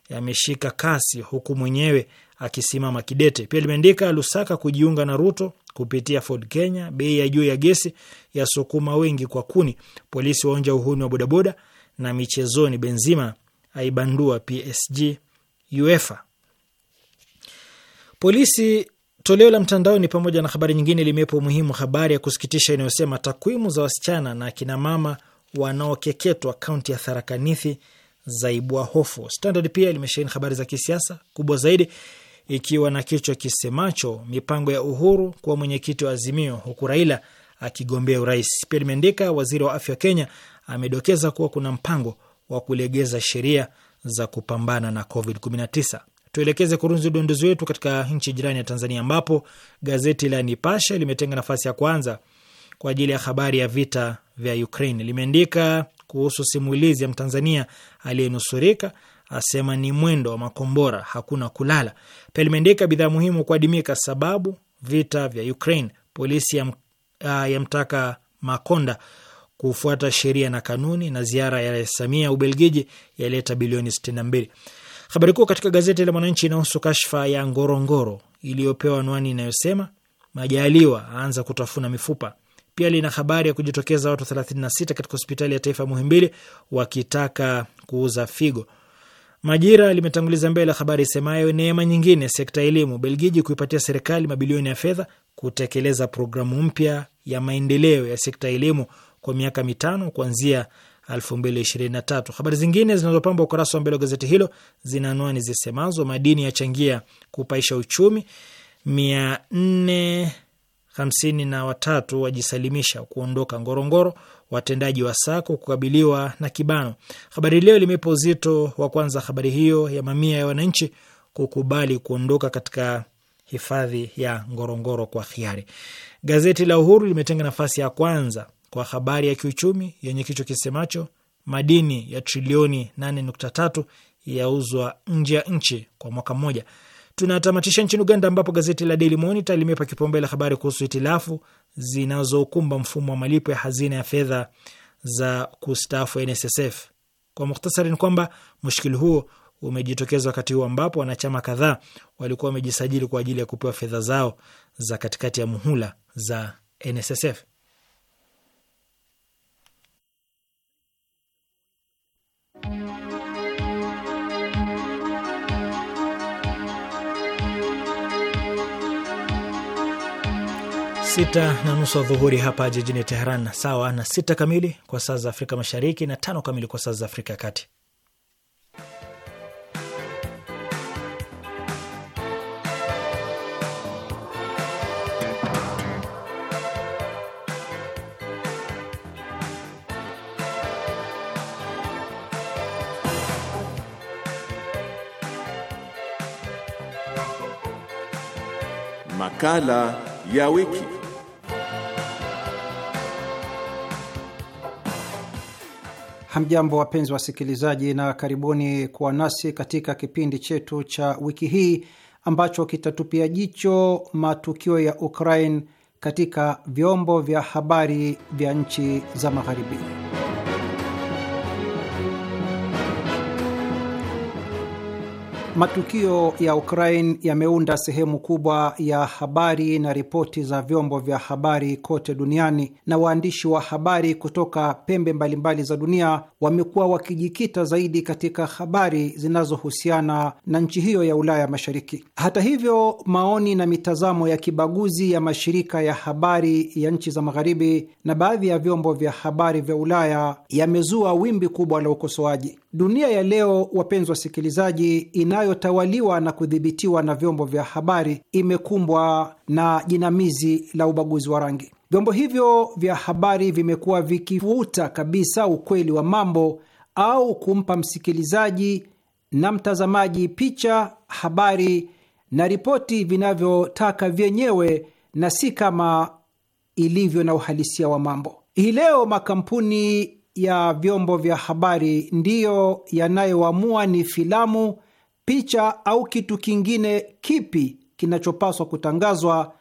yameshika kasi huku mwenyewe akisimama kidete. Pia limeandika Lusaka kujiunga na Ruto kupitia Ford Kenya, bei ya juu ya gesi ya sukuma wengi kwa kuni, polisi waonja uhuni wa bodaboda, na michezoni, Benzima aibandua PSG UEFA. Polisi toleo la ni pamoja na habari nyingine, limepo umuhimu habari ya kusikitisha inayosema takwimu za wasichana na akinamama wanaokeketwa kaunti ya Tharakanithi zaibua hofu. Standard pia limesheheni habari za kisiasa kubwa zaidi ikiwa na kichwa kisemacho mipango ya Uhuru kuwa mwenyekiti wa Azimio huku Raila akigombea urais. Pia limeandika waziri wa afya wa Kenya amedokeza kuwa kuna mpango wa kulegeza sheria za kupambana na COVID-19. Tuelekeze kurunzi udondozi wetu katika nchi jirani ya Tanzania, ambapo gazeti la Nipashe limetenga nafasi ya kwanza kwa ajili ya habari ya vita vya Ukraine. Limeandika kuhusu simulizi ya Mtanzania aliyenusurika asema ni mwendo wa makombora, hakuna kulala. Pia limeandika bidhaa muhimu kuadimika sababu vita vya Ukraine. Polisi ya, uh, ya mtaka Makonda kufuata sheria na kanuni, na ziara ya Samia Ubelgiji yaleta bilioni mbili. Habari kuu katika gazeti la Mwananchi inahusu kashfa ya Ngorongoro iliyopewa anwani inayosema Majaliwa aanza kutafuna mifupa. Pia lina habari ya kujitokeza watu 36 katika hospitali ya taifa Muhimbili wakitaka kuuza figo. Majira limetanguliza mbele habari isemayo neema nyingine sekta elimu, Belgiji kuipatia serikali mabilioni ya fedha kutekeleza programu mpya ya maendeleo ya sekta elimu kwa miaka mitano kuanzia 2023. Habari zingine zinazopamba ukurasa wa mbele wa gazeti hilo zina anwani zisemazo madini yachangia kupaisha uchumi 400 hamsini na watatu wajisalimisha kuondoka Ngorongoro, watendaji wa sako kukabiliwa na kibano. Habari Leo limepa uzito wa kwanza habari hiyo ya mamia ya wananchi kukubali kuondoka katika hifadhi ya Ngorongoro kwa hiari. Gazeti la Uhuru limetenga nafasi ya kwanza kwa habari ya kiuchumi yenye kichwa kisemacho madini ya trilioni 8.3 yauzwa nje ya nchi kwa mwaka mmoja. Tunatamatisha nchini Uganda, ambapo gazeti la Daily Monitor limepa kipaumbele habari kuhusu hitilafu zinazokumba mfumo wa malipo ya hazina ya fedha za kustaafu NSSF. Kwa muhtasari, ni kwamba mushkili huo umejitokeza wakati huo ambapo wanachama kadhaa walikuwa wamejisajili kwa ajili ya kupewa fedha zao za katikati ya muhula za NSSF. Sita na nusu adhuhuri hapa jijini Teheran, sawa na sita kamili kwa saa za Afrika Mashariki na tano kamili kwa saa za Afrika ya Kati. Makala ya wiki. Hamjambo, wapenzi wasikilizaji, na karibuni kuwa nasi katika kipindi chetu cha wiki hii ambacho kitatupia jicho matukio ya Ukraine katika vyombo vya habari vya nchi za Magharibi. Matukio ya Ukraine yameunda sehemu kubwa ya habari na ripoti za vyombo vya habari kote duniani, na waandishi wa habari kutoka pembe mbalimbali za dunia wamekuwa wakijikita zaidi katika habari zinazohusiana na nchi hiyo ya Ulaya Mashariki. Hata hivyo, maoni na mitazamo ya kibaguzi ya mashirika ya habari ya nchi za Magharibi na baadhi ya vyombo vya habari vya Ulaya yamezua wimbi kubwa la ukosoaji. Dunia ya leo, wapenzi wasikilizaji, inayo inayotawaliwa na kudhibitiwa na vyombo vya habari imekumbwa na jinamizi la ubaguzi wa rangi. Vyombo hivyo vya habari vimekuwa vikifuta kabisa ukweli wa mambo au kumpa msikilizaji na mtazamaji picha, habari na ripoti vinavyotaka vyenyewe na si kama ilivyo na uhalisia wa mambo. Hii leo makampuni ya vyombo vya habari ndiyo yanayoamua ni filamu picha au kitu kingine kipi kinachopaswa kutangazwa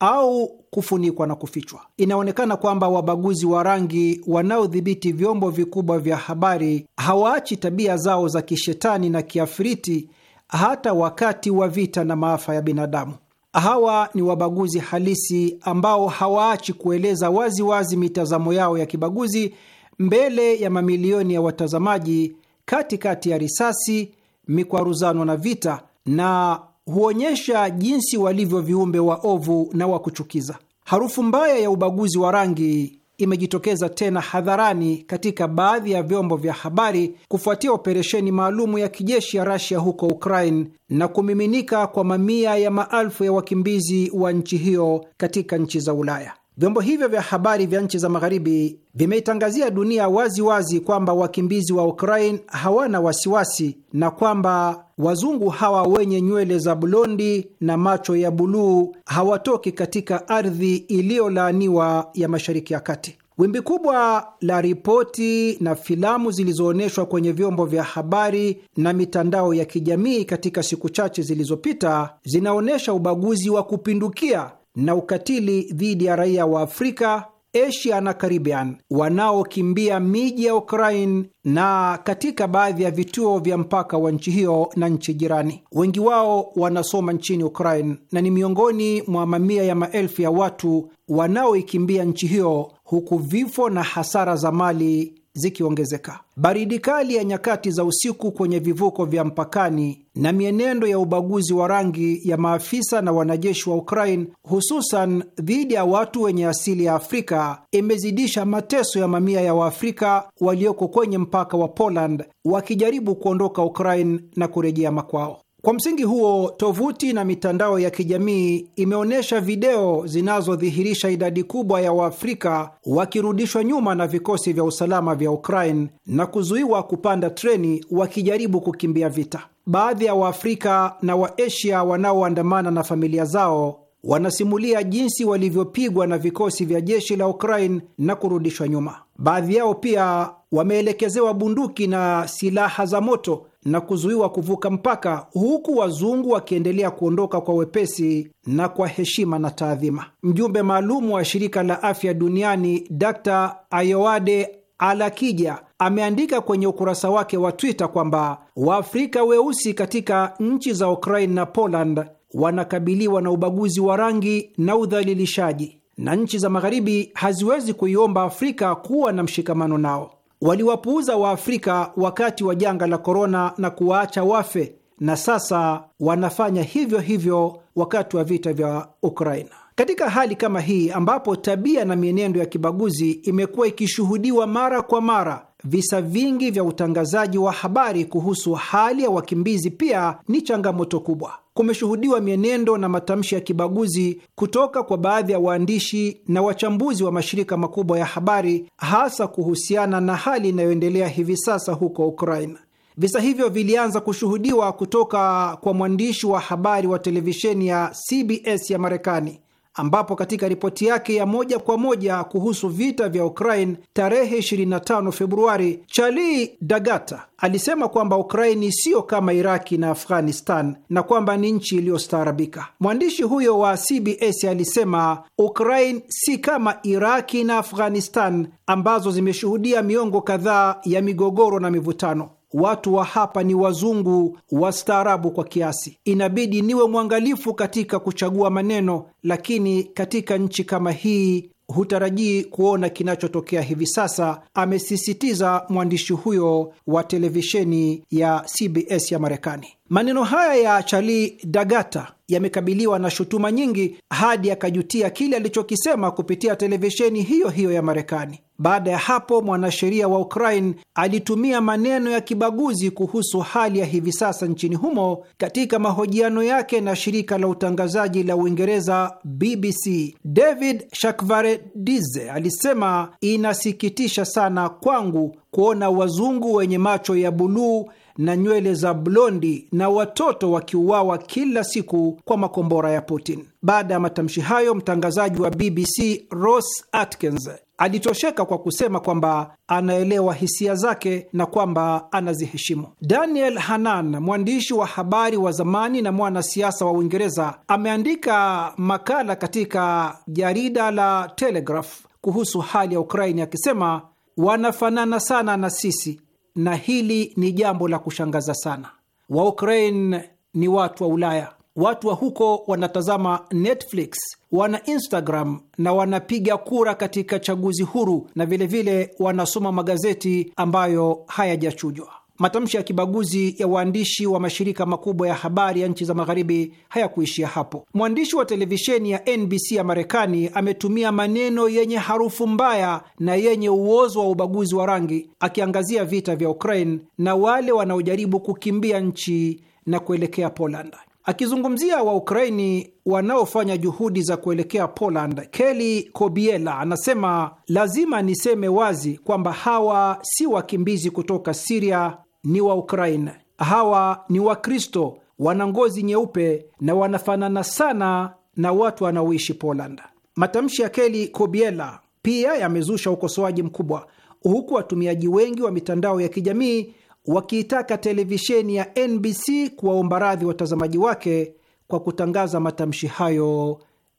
au kufunikwa na kufichwa. Inaonekana kwamba wabaguzi wa rangi wanaodhibiti vyombo vikubwa vya habari hawaachi tabia zao za kishetani na kiafriti hata wakati wa vita na maafa ya binadamu. Hawa ni wabaguzi halisi ambao hawaachi kueleza waziwazi wazi mitazamo yao ya kibaguzi mbele ya mamilioni ya watazamaji, katikati kati ya risasi, mikwaruzano na vita, na huonyesha jinsi walivyo viumbe waovu na wa kuchukiza. Harufu mbaya ya ubaguzi wa rangi imejitokeza tena hadharani katika baadhi ya vyombo vya habari kufuatia operesheni maalumu ya kijeshi ya Rasia huko Ukraine na kumiminika kwa mamia ya maelfu ya wakimbizi wa nchi hiyo katika nchi za Ulaya. Vyombo hivyo vya habari vya nchi za magharibi vimeitangazia dunia wazi wazi kwamba wakimbizi wa Ukraine hawana wasiwasi na kwamba wazungu hawa wenye nywele za blondi na macho ya buluu hawatoki katika ardhi iliyolaaniwa ya Mashariki ya Kati. Wimbi kubwa la ripoti na filamu zilizoonyeshwa kwenye vyombo vya habari na mitandao ya kijamii katika siku chache zilizopita zinaonyesha ubaguzi wa kupindukia na ukatili dhidi ya raia wa Afrika, Asia na Caribbean wanaokimbia miji ya Ukraine na katika baadhi ya vituo vya mpaka wa nchi hiyo na nchi jirani. Wengi wao wanasoma nchini Ukraine na ni miongoni mwa mamia ya maelfu ya watu wanaoikimbia nchi hiyo, huku vifo na hasara za mali zikiongezeka. Baridi kali ya nyakati za usiku kwenye vivuko vya mpakani na mienendo ya ubaguzi wa rangi ya maafisa na wanajeshi wa Ukraine, hususan dhidi ya watu wenye asili ya Afrika, imezidisha mateso ya mamia ya Waafrika walioko kwenye mpaka wa Poland wakijaribu kuondoka Ukraine na kurejea makwao. Kwa msingi huo, tovuti na mitandao ya kijamii imeonyesha video zinazodhihirisha idadi kubwa ya Waafrika wakirudishwa nyuma na vikosi vya usalama vya Ukraine na kuzuiwa kupanda treni wakijaribu kukimbia vita. Baadhi ya Waafrika na Waasia wanaoandamana na familia zao wanasimulia jinsi walivyopigwa na vikosi vya jeshi la Ukraine na kurudishwa nyuma. Baadhi yao pia wameelekezewa bunduki na silaha za moto na kuzuiwa kuvuka mpaka, huku wazungu wakiendelea kuondoka kwa wepesi na kwa heshima na taadhima. Mjumbe maalum wa shirika la afya duniani Dr. Ayoade Alakija ameandika kwenye ukurasa wake wa Twitter kwamba Waafrika weusi katika nchi za Ukraine na Poland wanakabiliwa na ubaguzi wa rangi na udhalilishaji, na nchi za Magharibi haziwezi kuiomba Afrika kuwa na mshikamano nao. Waliwapuuza Waafrika wakati wa janga la korona na kuwaacha wafe, na sasa wanafanya hivyo hivyo wakati wa vita vya Ukraina. Katika hali kama hii ambapo tabia na mienendo ya kibaguzi imekuwa ikishuhudiwa mara kwa mara visa vingi vya utangazaji wa habari kuhusu hali ya wakimbizi pia ni changamoto kubwa. Kumeshuhudiwa mienendo na matamshi ya kibaguzi kutoka kwa baadhi ya waandishi na wachambuzi wa mashirika makubwa ya habari, hasa kuhusiana na hali inayoendelea hivi sasa huko Ukraina. Visa hivyo vilianza kushuhudiwa kutoka kwa mwandishi wa habari wa televisheni ya CBS ya Marekani ambapo katika ripoti yake ya moja kwa moja kuhusu vita vya Ukraine tarehe 25 Februari, Charli Dagata alisema kwamba Ukraini siyo kama Iraki na Afghanistan na kwamba ni nchi iliyostaarabika. Mwandishi huyo wa CBS alisema Ukraine si kama Iraki na Afghanistan ambazo zimeshuhudia miongo kadhaa ya migogoro na mivutano watu wa hapa ni wazungu wastaarabu kwa kiasi. Inabidi niwe mwangalifu katika kuchagua maneno, lakini katika nchi kama hii hutarajii kuona kinachotokea hivi sasa, amesisitiza mwandishi huyo wa televisheni ya CBS ya Marekani. Maneno haya ya Charlie Dagata yamekabiliwa na shutuma nyingi hadi akajutia kile alichokisema kupitia televisheni hiyo hiyo ya Marekani. Baada ya hapo, mwanasheria wa Ukraine alitumia maneno ya kibaguzi kuhusu hali ya hivi sasa nchini humo katika mahojiano yake na shirika la utangazaji la Uingereza BBC. David Shakvaredize alisema, inasikitisha sana kwangu kuona wazungu wenye macho ya buluu na nywele za blondi na watoto wakiuawa kila siku kwa makombora ya Putin. Baada ya matamshi hayo, mtangazaji wa BBC Ross Atkins alitosheka kwa kusema kwamba anaelewa hisia zake na kwamba anaziheshimu. Daniel Hanan, mwandishi wa habari wa zamani na mwanasiasa wa Uingereza, ameandika makala katika jarida la Telegraph kuhusu hali ya Ukraini akisema, wanafanana sana na sisi na hili ni jambo la kushangaza sana. Waukraine ni watu wa Ulaya. Watu wa huko wanatazama Netflix, wana Instagram na wanapiga kura katika chaguzi huru, na vilevile vile wanasoma magazeti ambayo hayajachujwa. Matamshi ya kibaguzi ya waandishi wa mashirika makubwa ya habari ya nchi za magharibi hayakuishia hapo. Mwandishi wa televisheni ya NBC ya Marekani ametumia maneno yenye harufu mbaya na yenye uozo wa ubaguzi wa rangi akiangazia vita vya Ukraine na wale wanaojaribu kukimbia nchi na kuelekea Poland. Akizungumzia Waukraini wanaofanya juhudi za kuelekea Poland, Kelly Kobiela anasema lazima niseme wazi kwamba hawa si wakimbizi kutoka Siria ni wa Ukraine. Hawa ni Wakristo, wana ngozi nyeupe na wanafanana sana na watu wanaoishi Poland. Matamshi ya Keli Kobiela pia yamezusha ukosoaji mkubwa, huku watumiaji wengi wa mitandao ya kijamii wakiitaka televisheni ya NBC kuwaomba radhi watazamaji wake kwa kutangaza matamshi hayo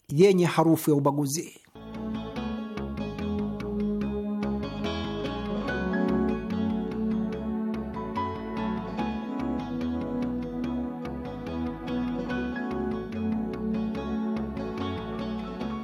yenye harufu ya ubaguzi.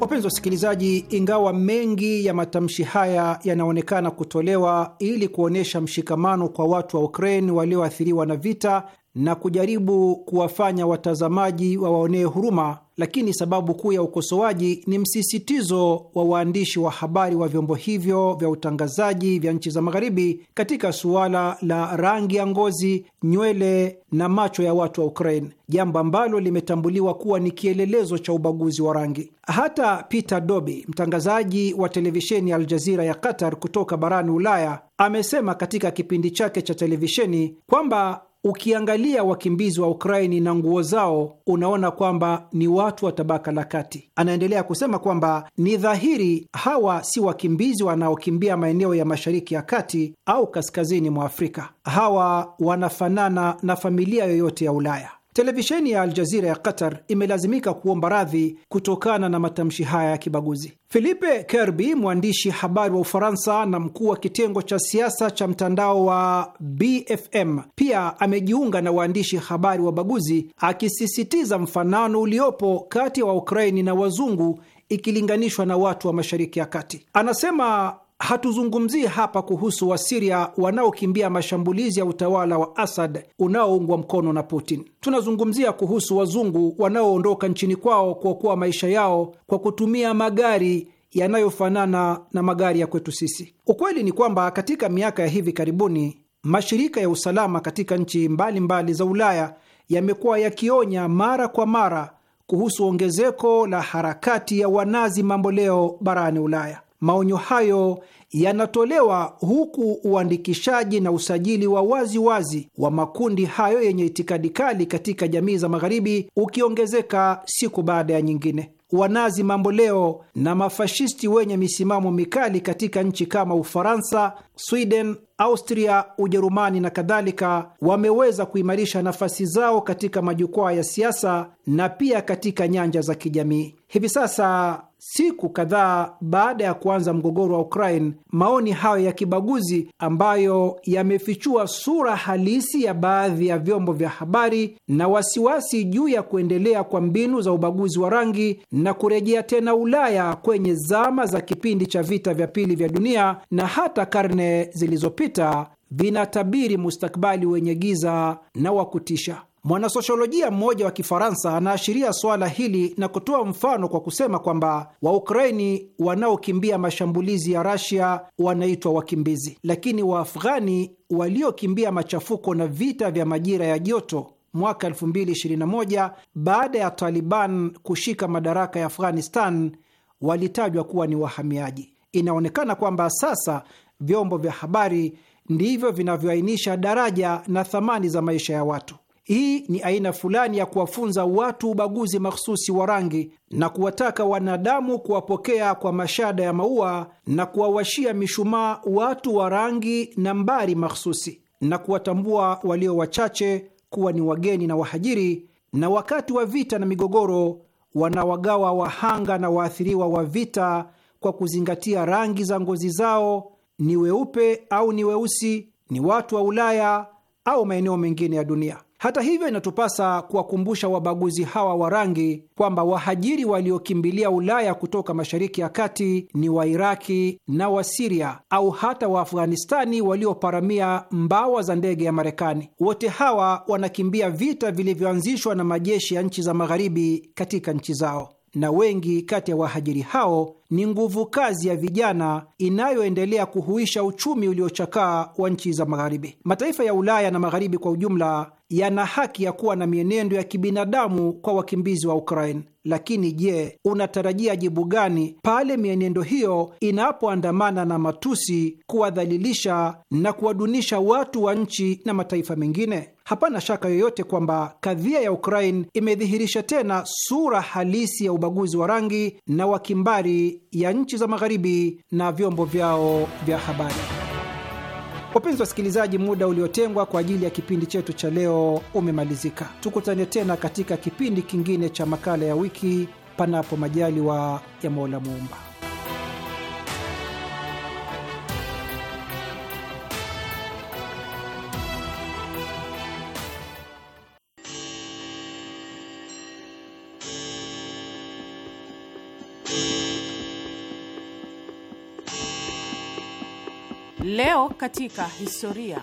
Wapenzi wasikilizaji, ingawa mengi ya matamshi haya yanaonekana kutolewa ili kuonyesha mshikamano kwa watu wa Ukraine walioathiriwa na vita na kujaribu kuwafanya watazamaji wawaonee huruma, lakini sababu kuu ya ukosoaji ni msisitizo wa waandishi wa habari wa vyombo hivyo vya utangazaji vya nchi za Magharibi katika suala la rangi ya ngozi, nywele na macho ya watu wa Ukraine, jambo ambalo limetambuliwa kuwa ni kielelezo cha ubaguzi wa rangi. Hata Peter Dobi, mtangazaji wa televisheni ya Aljazira ya Qatar kutoka barani Ulaya, amesema katika kipindi chake cha televisheni kwamba Ukiangalia wakimbizi wa Ukraini na nguo zao unaona kwamba ni watu wa tabaka la kati. Anaendelea kusema kwamba ni dhahiri hawa si wakimbizi wanaokimbia maeneo ya Mashariki ya Kati au kaskazini mwa Afrika. Hawa wanafanana na familia yoyote ya Ulaya. Televisheni ya Aljazira ya Qatar imelazimika kuomba radhi kutokana na matamshi haya ya kibaguzi. Philippe Kerby, mwandishi habari wa Ufaransa na mkuu wa kitengo cha siasa cha mtandao wa BFM, pia amejiunga na waandishi habari wabaguzi, akisisitiza mfanano uliopo kati ya wa Waukraini na wazungu ikilinganishwa na watu wa Mashariki ya Kati. Anasema Hatuzungumzii hapa kuhusu Wasiria wanaokimbia mashambulizi ya utawala wa Asad unaoungwa mkono na Putin. Tunazungumzia kuhusu wazungu wanaoondoka nchini kwao kuokoa maisha yao kwa kutumia magari yanayofanana na magari ya kwetu sisi. Ukweli ni kwamba katika miaka ya hivi karibuni mashirika ya usalama katika nchi mbalimbali mbali za Ulaya yamekuwa yakionya mara kwa mara kuhusu ongezeko la harakati ya wanazi mamboleo barani Ulaya. Maonyo hayo yanatolewa huku uandikishaji na usajili wa wazi wazi wa makundi hayo yenye itikadi kali katika jamii za magharibi ukiongezeka siku baada ya nyingine. Wanazi mambo leo na mafashisti wenye misimamo mikali katika nchi kama Ufaransa, Sweden, Austria, Ujerumani na kadhalika wameweza kuimarisha nafasi zao katika majukwaa ya siasa na pia katika nyanja za kijamii. Hivi sasa Siku kadhaa baada ya kuanza mgogoro wa Ukraine, maoni hayo ya kibaguzi ambayo yamefichua sura halisi ya baadhi ya vyombo vya habari na wasiwasi juu ya kuendelea kwa mbinu za ubaguzi wa rangi na kurejea tena Ulaya kwenye zama za kipindi cha vita vya pili vya dunia na hata karne zilizopita vinatabiri mustakabali wenye giza na wa kutisha. Mwanasosiolojia mmoja wa Kifaransa anaashiria suala hili na kutoa mfano kwa kusema kwamba Waukraini wanaokimbia mashambulizi ya Rasia wanaitwa wakimbizi, lakini Waafghani waliokimbia machafuko na vita vya majira ya joto mwaka 2021 baada ya Taliban kushika madaraka ya Afghanistan walitajwa kuwa ni wahamiaji. Inaonekana kwamba sasa vyombo vya habari ndivyo vinavyoainisha daraja na thamani za maisha ya watu. Hii ni aina fulani ya kuwafunza watu ubaguzi mahsusi wa rangi na kuwataka wanadamu kuwapokea kwa mashada ya maua na kuwawashia mishumaa watu wa rangi na mbari mahsusi na kuwatambua walio wachache kuwa ni wageni na wahajiri, na wakati wa vita na migogoro wanawagawa wahanga na waathiriwa wa vita kwa kuzingatia rangi za ngozi zao, ni weupe au ni weusi, ni watu wa Ulaya au maeneo mengine ya dunia. Hata hivyo, inatupasa kuwakumbusha wabaguzi hawa wa rangi kwamba wahajiri waliokimbilia Ulaya kutoka Mashariki ya Kati ni Wairaki na Wasiria au hata Waafghanistani walioparamia mbawa za ndege ya Marekani. Wote hawa wanakimbia vita vilivyoanzishwa na majeshi ya nchi za Magharibi katika nchi zao na wengi kati ya wahajiri hao ni nguvu kazi ya vijana inayoendelea kuhuisha uchumi uliochakaa wa nchi za Magharibi. Mataifa ya Ulaya na Magharibi kwa ujumla yana haki ya kuwa na mienendo ya kibinadamu kwa wakimbizi wa Ukraine. Lakini je, unatarajia jibu gani pale mienendo hiyo inapoandamana na matusi, kuwadhalilisha na kuwadunisha watu wa nchi na mataifa mengine? Hapana shaka yoyote kwamba kadhia ya Ukraine imedhihirisha tena sura halisi ya ubaguzi wa rangi na wakimbari ya nchi za Magharibi na vyombo vyao vya habari. Wapenzi wasikilizaji, muda uliotengwa kwa ajili ya kipindi chetu cha leo umemalizika. Tukutane tena katika kipindi kingine cha makala ya wiki, panapo majaliwa ya Mola Muumba. Leo katika historia.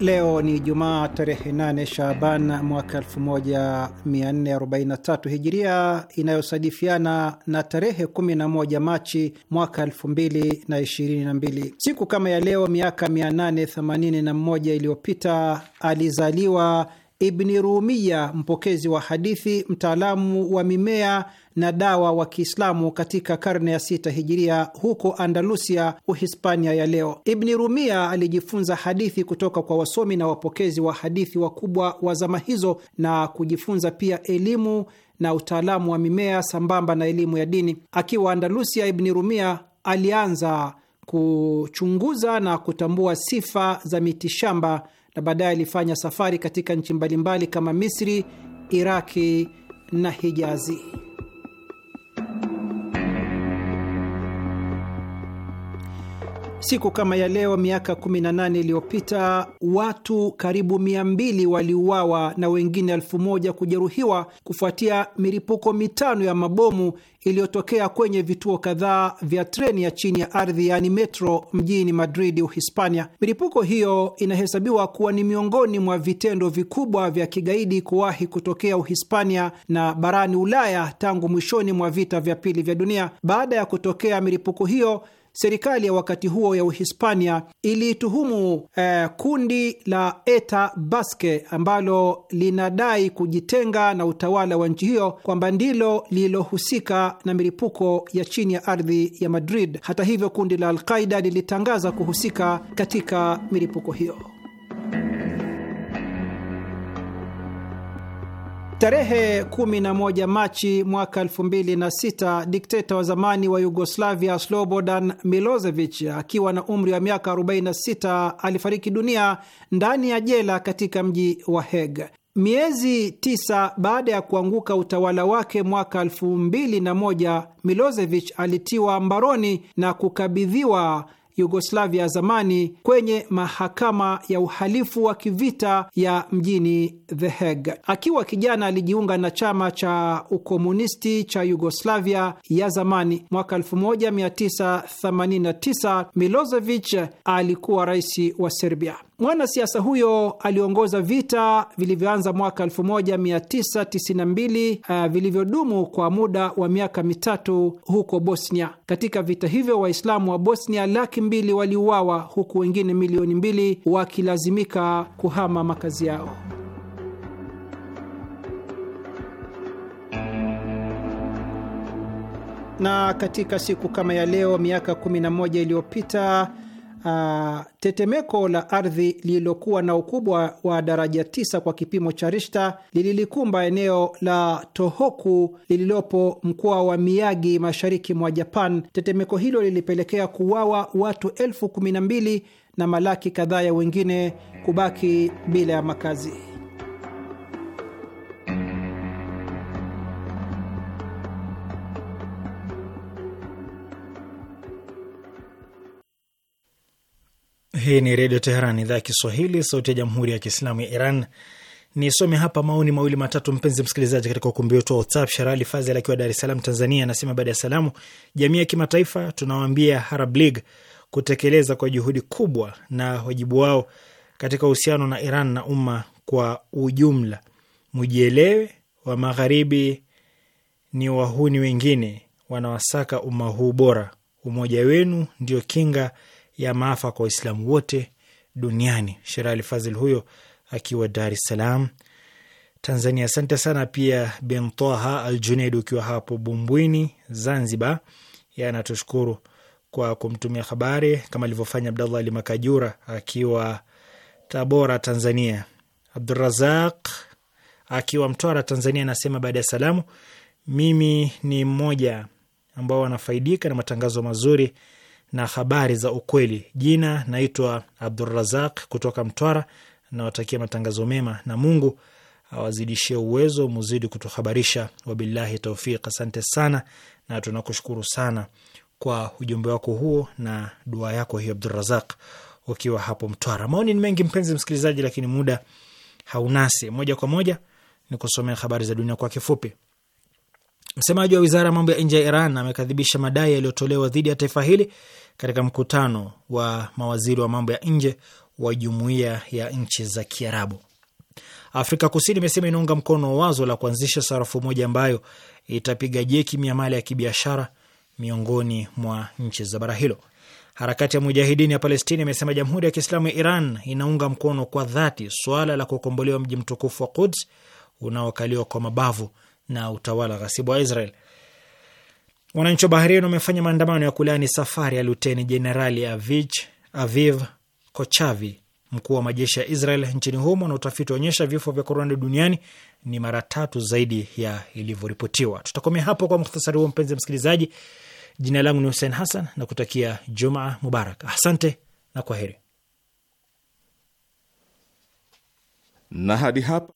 Leo ni Jumaa tarehe 8 Shaaban mwaka 1443 Hijiria, inayosadifiana na tarehe 11 Machi mwaka 2022. Siku kama ya leo miaka 881 iliyopita alizaliwa Ibni Rumiya, mpokezi wa hadithi, mtaalamu wa mimea na dawa wa Kiislamu katika karne ya sita hijiria huko Andalusia, Uhispania ya leo. Ibni Rumia alijifunza hadithi kutoka kwa wasomi na wapokezi wa hadithi wakubwa wa zama hizo na kujifunza pia elimu na utaalamu wa mimea sambamba na elimu ya dini. Akiwa Andalusia, Ibni Rumia alianza kuchunguza na kutambua sifa za mitishamba na baadaye alifanya safari katika nchi mbalimbali kama Misri, Iraki na Hijazi. Siku kama ya leo miaka 18 iliyopita watu karibu 200 waliuawa na wengine elfu moja kujeruhiwa kufuatia milipuko mitano ya mabomu iliyotokea kwenye vituo kadhaa vya treni ya chini ya ardhi yaani metro mjini Madrid, Uhispania. Milipuko hiyo inahesabiwa kuwa ni miongoni mwa vitendo vikubwa vya kigaidi kuwahi kutokea Uhispania na barani Ulaya tangu mwishoni mwa vita vya pili vya dunia. Baada ya kutokea milipuko hiyo Serikali ya wakati huo ya Uhispania ilituhumu eh, kundi la ETA Baske ambalo linadai kujitenga na utawala wa nchi hiyo kwamba ndilo lililohusika na milipuko ya chini ya ardhi ya Madrid. Hata hivyo, kundi la Alqaida lilitangaza kuhusika katika milipuko hiyo. Tarehe 11 Machi mwaka 2006 dikteta wa zamani wa Yugoslavia Slobodan Milosevic akiwa na umri wa miaka 46 alifariki dunia ndani ya jela katika mji wa Hague. Miezi tisa baada ya kuanguka utawala wake mwaka moja Milosevic alitiwa mbaroni na kukabidhiwa Yugoslavia ya zamani kwenye mahakama ya uhalifu wa kivita ya mjini The Hague. Akiwa kijana alijiunga na chama cha ukomunisti cha Yugoslavia ya zamani. Mwaka 1989 Milosevic alikuwa rais wa Serbia. Mwanasiasa huyo aliongoza vita vilivyoanza mwaka 1992 uh, vilivyodumu kwa muda wa miaka mitatu huko Bosnia. Katika vita hivyo Waislamu wa Bosnia laki mbili waliuawa huku wengine milioni mbili wakilazimika kuhama makazi yao. Na katika siku kama ya leo miaka 11 iliyopita uh, tetemeko la ardhi lililokuwa na ukubwa wa daraja tisa kwa kipimo cha Rishta lililikumba eneo la Tohoku lililopo mkoa wa Miyagi mashariki mwa Japan. Tetemeko hilo lilipelekea kuwawa watu elfu kumi na mbili na malaki kadhaa ya wengine kubaki bila ya makazi. Hii ni Redio Teheran, idhaa ya Kiswahili, sauti ya Jamhuri ya Kiislamu ya Iran. Nisome hapa maoni mawili matatu, mpenzi msikilizaji, katika ukumbi wetu wa WhatsApp. Sharali Fazel akiwa Dar es Salaam, Tanzania, anasema baada ya salamu, jamii ya kimataifa tunawaambia Arab League kutekeleza kwa juhudi kubwa na wajibu wao katika uhusiano na Iran na umma kwa ujumla. Mujielewe, wa magharibi ni wahuni, wengine wanawasaka umma huu bora. Umoja wenu ndio kinga ya maafa kwa Waislamu wote duniani. Sherali Fazil huyo akiwa Dar es Salaam, Tanzania. Asante sana pia Bentoha Al Juned ukiwa hapo Bumbwini, Zanzibar, yanatushukuru kwa kumtumia habari kama alivyofanya Abdallah Ali Makajura akiwa Tabora, Tanzania. Abdurazaq akiwa Mtwara, Tanzania, anasema baada ya salamu, mimi ni mmoja ambao wanafaidika na matangazo mazuri na habari za ukweli. Jina naitwa Abdurazak kutoka Mtwara, nawatakia matangazo mema na Mungu awazidishie uwezo, muzidi kutuhabarisha. Wabillahi taufiq. Asante sana na tunakushukuru sana kwa ujumbe wako huo na dua yako hiyo, Abdurazak, ukiwa hapo Mtwara. Maoni ni mengi mpenzi msikilizaji, lakini muda haunasi. Moja kwa moja kusomea habari za dunia kwa kifupi. Msemaji wa wizara ya mambo ya nje ya Iran amekadhibisha madai yaliyotolewa dhidi ya taifa hili katika mkutano wa mawaziri wa mambo ya nje wa jumuiya ya nchi za Kiarabu. Afrika Kusini imesema inaunga mkono wazo la kuanzisha sarafu moja ambayo itapiga jeki miamala ya kibiashara miongoni mwa nchi za bara hilo. Harakati ya Mujahidini ya Palestina imesema Jamhuri ya Kiislamu ya Iran inaunga mkono kwa dhati suala la kukombolewa mji mtukufu wa Quds unaokaliwa kwa mabavu na utawala ghasibu wa Israel. Wananchi wa Bahrain wamefanya maandamano ya kulaani safari ya luteni jenerali Aviv, Aviv Kochavi, mkuu wa majeshi ya Israel nchini humo, na utafiti waonyesha vifo vya korona duniani ni mara tatu zaidi ya ilivyoripotiwa. Tutakomea hapo kwa muhtasari huo, mpenzi msikilizaji. Jina langu ni Hussein Hassan na kutakia Jumaa Mubarak. Asante na kwaheri na hadi hapa